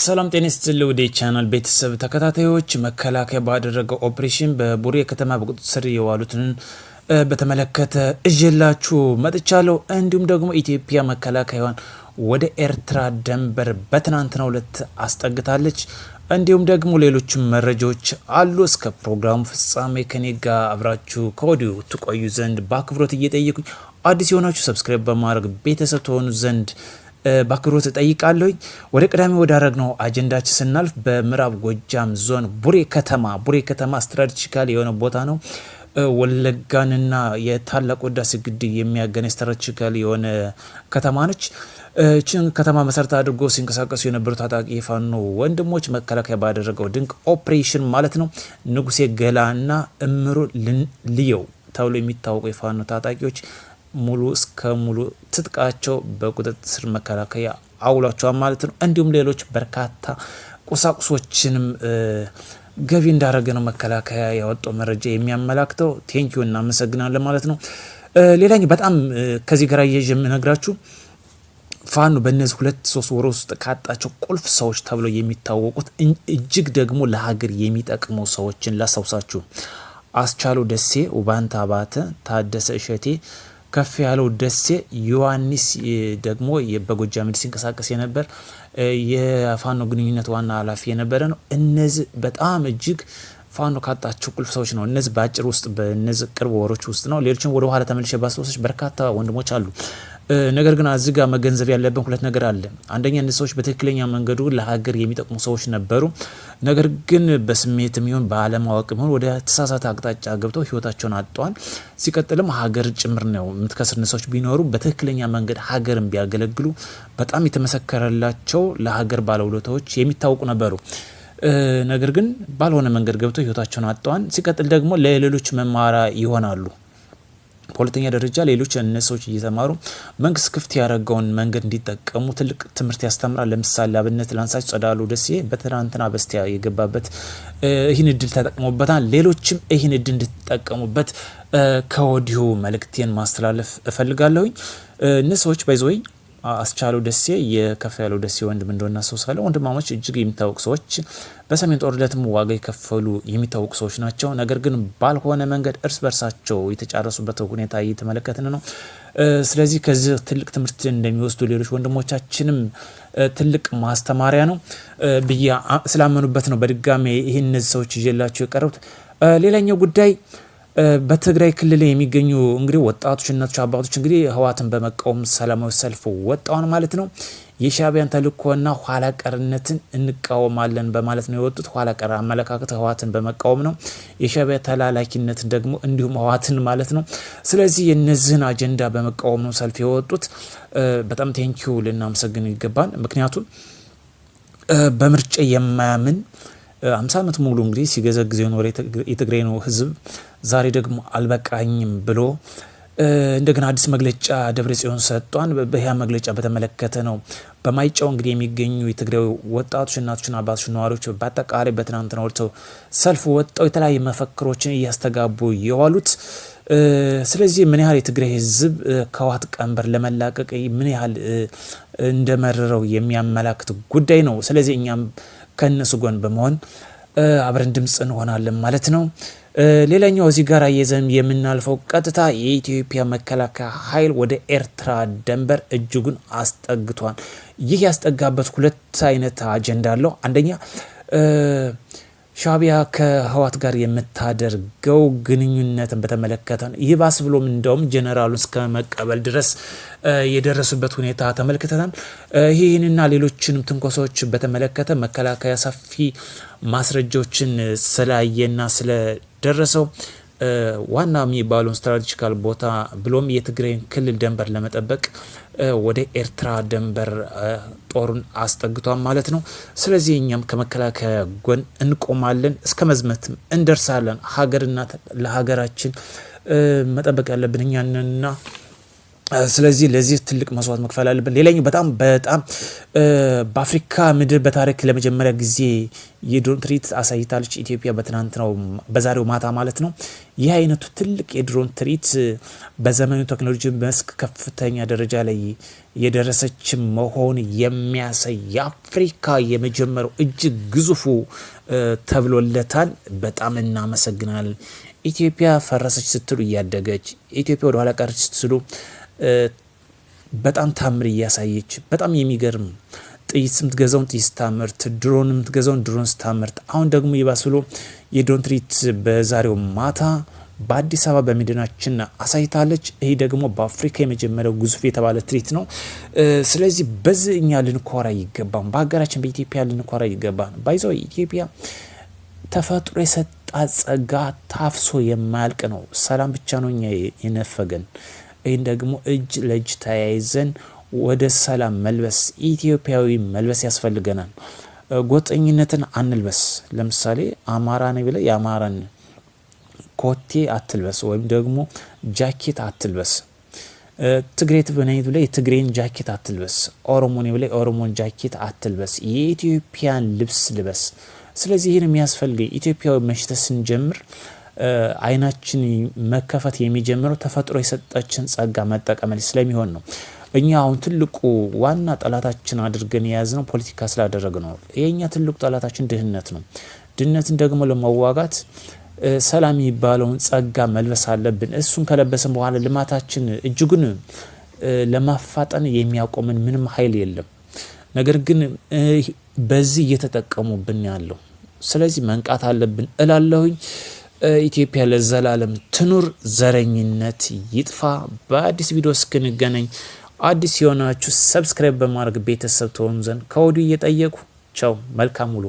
ሰላም ጤና ይስጥልኝ ወደ ቻናል ቤተሰብ ተከታታዮች፣ መከላከያ ባደረገው ኦፕሬሽን በቡሬ ከተማ በቁጥጥር ስር የዋሉትን በተመለከተ እዤላችሁ መጥቻለሁ። እንዲሁም ደግሞ ኢትዮጵያ መከላከያዋን ወደ ኤርትራ ድንበር በትናንትናው ዕለት አስጠግታለች። እንዲሁም ደግሞ ሌሎችም መረጃዎች አሉ። እስከ ፕሮግራሙ ፍጻሜ ከኔ ጋር አብራችሁ ከወዲሁ ትቆዩ ዘንድ በአክብሮት እየጠየቁኝ አዲስ የሆናችሁ ሰብስክራይብ በማድረግ ቤተሰብ ተሆኑ ዘንድ በአክብሮት እጠይቃለሁኝ። ወደ ቅዳሜ ወዳረግነው አጀንዳችን ስናልፍ በምዕራብ ጎጃም ዞን ቡሬ ከተማ ቡሬ ከተማ ስትራቴጂካል የሆነ ቦታ ነው። ወለጋንና የታላቁ ህዳሴ ግድብ የሚያገናኝ ስትራቴጂካል የሆነ ከተማ ነች። ይህችን ከተማ መሰረት አድርጎ ሲንቀሳቀሱ የነበሩ ታጣቂ የፋኖ ወንድሞች መከላከያ ባደረገው ድንቅ ኦፕሬሽን ማለት ነው ንጉሴ ገላና እምሩ ልየው ተብሎ የሚታወቁ የፋኖ ታጣቂዎች ሙሉ እስከ ሙሉ ትጥቃቸው በቁጥጥር ስር መከላከያ አውሏቸዋል ማለት ነው። እንዲሁም ሌሎች በርካታ ቁሳቁሶችንም ገቢ እንዳደረገ ነው መከላከያ ያወጣው መረጃ የሚያመላክተው። ቴንኪዩ እናመሰግናለን ማለት ነው። ሌላኛው በጣም ከዚህ ጋር እየዥ የምነግራችሁ ፋኖ በእነዚህ ሁለት ሶስት ወር ውስጥ ካጣቸው ቁልፍ ሰዎች ተብለው የሚታወቁት እጅግ ደግሞ ለሀገር የሚጠቅሙ ሰዎችን ላሳውሳችሁ። አስቻሉ ደሴ፣ ውባንታ አባተ፣ ታደሰ እሸቴ ከፍ ያለው ደሴ ዮሐንስ ደግሞ በጎጃም ሲንቀሳቀስ የነበር የፋኖ ግንኙነት ዋና ኃላፊ የነበረ ነው። እነዚህ በጣም እጅግ ፋኖ ካጣቸው ቁልፍ ሰዎች ነው። እነዚህ በአጭር ውስጥ በእነዚህ ቅርብ ወሮች ውስጥ ነው። ሌሎችም ወደ ኋላ ተመልሼ ባስታወሶች በርካታ ወንድሞች አሉ። ነገር ግን እዚህ ጋር መገንዘብ ያለብን ሁለት ነገር አለ። አንደኛ እነዚህ ሰዎች በትክክለኛ መንገዱ ለሀገር የሚጠቅሙ ሰዎች ነበሩ። ነገር ግን በስሜት የሚሆን በአለማወቅ ሚሆን ወደ ተሳሳተ አቅጣጫ ገብተው ህይወታቸውን አጥተዋል። ሲቀጥልም ሀገር ጭምር ነው የምትከስር ሰዎች ቢኖሩ በትክክለኛ መንገድ ሀገርን ቢያገለግሉ በጣም የተመሰከረላቸው ለሀገር ባለውለታዎች የሚታወቁ ነበሩ። ነገር ግን ባልሆነ መንገድ ገብተው ህይወታቸውን አጥተዋል። ሲቀጥል ደግሞ ለሌሎች መማራ ይሆናሉ። በሁለተኛ ደረጃ ሌሎች እነሰዎች እየተማሩ መንግስት ክፍት ያደረገውን መንገድ እንዲጠቀሙ ትልቅ ትምህርት ያስተምራል። ለምሳሌ አብነት ላንሳች ጸዳሉ ደሴ በትናንትና በስቲያ የገባበት ይህን እድል ተጠቅሞበታል። ሌሎችም ይህን እድል እንድትጠቀሙበት ከወዲሁ መልእክቴን ማስተላለፍ እፈልጋለሁኝ። እነሰዎች ባይዘወይ አስቻለው ደሴ የከፍ ያለው ደሴ ወንድም እንደሆነ ሰው ሳለ ወንድማሞች እጅግ የሚታወቅ ሰዎች በሰሜን ጦርነትም ዋጋ የከፈሉ የሚታወቁ ሰዎች ናቸው። ነገር ግን ባልሆነ መንገድ እርስ በርሳቸው የተጫረሱበት ሁኔታ እየተመለከትን ነው። ስለዚህ ከዚህ ትልቅ ትምህርት እንደሚወስዱ ሌሎች ወንድሞቻችንም ትልቅ ማስተማሪያ ነው ብያ ስላመኑበት ነው በድጋሚ ይህን እነዚህ ሰዎች ይዤላቸው የቀረቡት። ሌላኛው ጉዳይ በትግራይ ክልል የሚገኙ እንግዲህ ወጣቶች፣ እናቶች፣ አባቶች እንግዲህ ህወሓትን በመቃወም ሰላማዊ ሰልፍ ወጣውን ማለት ነው። የሻቢያን ተልእኮና ኋላ ቀርነትን እንቃወማለን በማለት ነው የወጡት። ኋላ ቀር አመለካከት ህወሓትን በመቃወም ነው፣ የሻቢያ ተላላኪነትን ደግሞ እንዲሁም ህወሓትን ማለት ነው። ስለዚህ የእነዚህን አጀንዳ በመቃወም ነው ሰልፍ የወጡት። በጣም ቴንኪዩ ልናመሰግን ይገባል። ምክንያቱም በምርጫ የማያምን አምሳ ዓመት ሙሉ እንግዲህ ሲገዛ የኖረ የትግራይ ነው ህዝብ ዛሬ ደግሞ አልበቃኝም ብሎ እንደገና አዲስ መግለጫ ደብረ ጽዮን ሰጥቷን በህያ መግለጫ በተመለከተ ነው። በማይጫው እንግዲህ የሚገኙ የትግራይ ወጣቶች፣ እናቶችና አባቶች፣ ነዋሪዎች በአጠቃላይ በትናንትና ዕለት ሰልፍ ወጣው የተለያዩ መፈክሮችን እያስተጋቡ የዋሉት። ስለዚህ ምን ያህል የትግራይ ህዝብ ከዋት ቀንበር ለመላቀቅ ምን ያህል እንደመረረው የሚያመላክት ጉዳይ ነው። ስለዚህ እኛም ከእነሱ ጎን በመሆን አብረን ድምፅ እንሆናለን ማለት ነው። ሌላኛው እዚህ ጋር የዘም የምናልፈው ቀጥታ የኢትዮጵያ መከላከያ ኃይል ወደ ኤርትራ ድንበር እጅጉን አስጠግቷል። ይህ ያስጠጋበት ሁለት አይነት አጀንዳ አለው። አንደኛ ሻቢያ ከህዋት ጋር የምታደርገው ግንኙነትን በተመለከተ ነው። ይህ ባስ ብሎም እንደውም ጀኔራሉን እስከ መቀበል ድረስ የደረሱበት ሁኔታ ተመልክተናል። ይህንና ሌሎችንም ትንኮሳዎች በተመለከተ መከላከያ ሰፊ ማስረጃዎችን ስላየና ስለ ደረሰው። ዋና የሚባለውን ስትራቴጂካል ቦታ ብሎም የትግራይን ክልል ደንበር ለመጠበቅ ወደ ኤርትራ ደንበር ጦሩን አስጠግቷል ማለት ነው። ስለዚህ እኛም ከመከላከያ ጎን እንቆማለን፣ እስከ መዝመትም እንደርሳለን። ሀገርና ለሀገራችን መጠበቅ ያለብን እኛንና ስለዚህ ለዚህ ትልቅ መስዋዕት መክፈል አለብን። ሌላኛው በጣም በጣም በአፍሪካ ምድር በታሪክ ለመጀመሪያ ጊዜ የድሮን ትርኢት አሳይታለች ኢትዮጵያ ነው በዛሬው ማታ ማለት ነው። ይህ አይነቱ ትልቅ የድሮን ትርኢት በዘመኑ ቴክኖሎጂ መስክ ከፍተኛ ደረጃ ላይ የደረሰች መሆን የሚያሳይ የአፍሪካ የመጀመሪያው እጅግ ግዙፉ ተብሎለታል። በጣም እናመሰግናለን። ኢትዮጵያ ፈረሰች ስትሉ እያደገች ኢትዮጵያ ወደኋላ ቀረች ስትሉ በጣም ታምር እያሳየች በጣም የሚገርም ጥይት ስምትገዛውን ጥይት ስታመርት፣ ድሮን የምትገዛውን ድሮን ስታመርት፣ አሁን ደግሞ ይባስ ብሎ የድሮን ትርኢት በዛሬው ማታ በአዲስ አበባ በመዲናችን አሳይታለች። ይህ ደግሞ በአፍሪካ የመጀመሪያው ግዙፍ የተባለ ትርኢት ነው። ስለዚህ በዚህ እኛ ልንኮራ ይገባን፣ በሀገራችን በኢትዮጵያ ልንኮራ ይገባን። ባይዘው ኢትዮጵያ ተፈጥሮ የሰጣ ጸጋ ታፍሶ የማያልቅ ነው። ሰላም ብቻ ነው እኛ የነፈገን። ይህን ደግሞ እጅ ለእጅ ተያይዘን ወደ ሰላም መልበስ ኢትዮጵያዊ መልበስ ያስፈልገናል። ጎጠኝነትን አንልበስ። ለምሳሌ አማራ ነው ብለህ የአማራን ኮቴ አትልበስ፣ ወይም ደግሞ ጃኬት አትልበስ። ትግሬ ነኝ ብለ የትግሬን ጃኬት አትልበስ። ኦሮሞ ነኝ ብለህ የኦሮሞን ጃኬት አትልበስ። የኢትዮጵያን ልብስ ልበስ። ስለዚህ ይህን የሚያስፈልገ ኢትዮጵያዊ መሽተት ስንጀምር አይናችን መከፈት የሚጀምረው ተፈጥሮ የሰጠችን ጸጋ መጠቀም ስለሚሆን ነው። እኛ አሁን ትልቁ ዋና ጠላታችን አድርገን የያዝነው ፖለቲካ ስላደረግ ነው። የእኛ ትልቁ ጠላታችን ድህነት ነው። ድህነትን ደግሞ ለመዋጋት ሰላም የሚባለውን ጸጋ መልበስ አለብን። እሱን ከለበስን በኋላ ልማታችን እጅጉን ለማፋጠን የሚያቆምን ምንም ኃይል የለም። ነገር ግን በዚህ እየተጠቀሙብን ያለው ስለዚህ መንቃት አለብን እላለሁኝ። ኢትዮጵያ ለዘላለም ትኑር፣ ዘረኝነት ይጥፋ። በአዲስ ቪዲዮ እስክንገናኝ አዲስ የሆናችሁ ሰብስክራይብ በማድረግ ቤተሰብ ትሆኑ ዘንድ ከወዲሁ እየጠየቁ ቸው መልካም ውሎ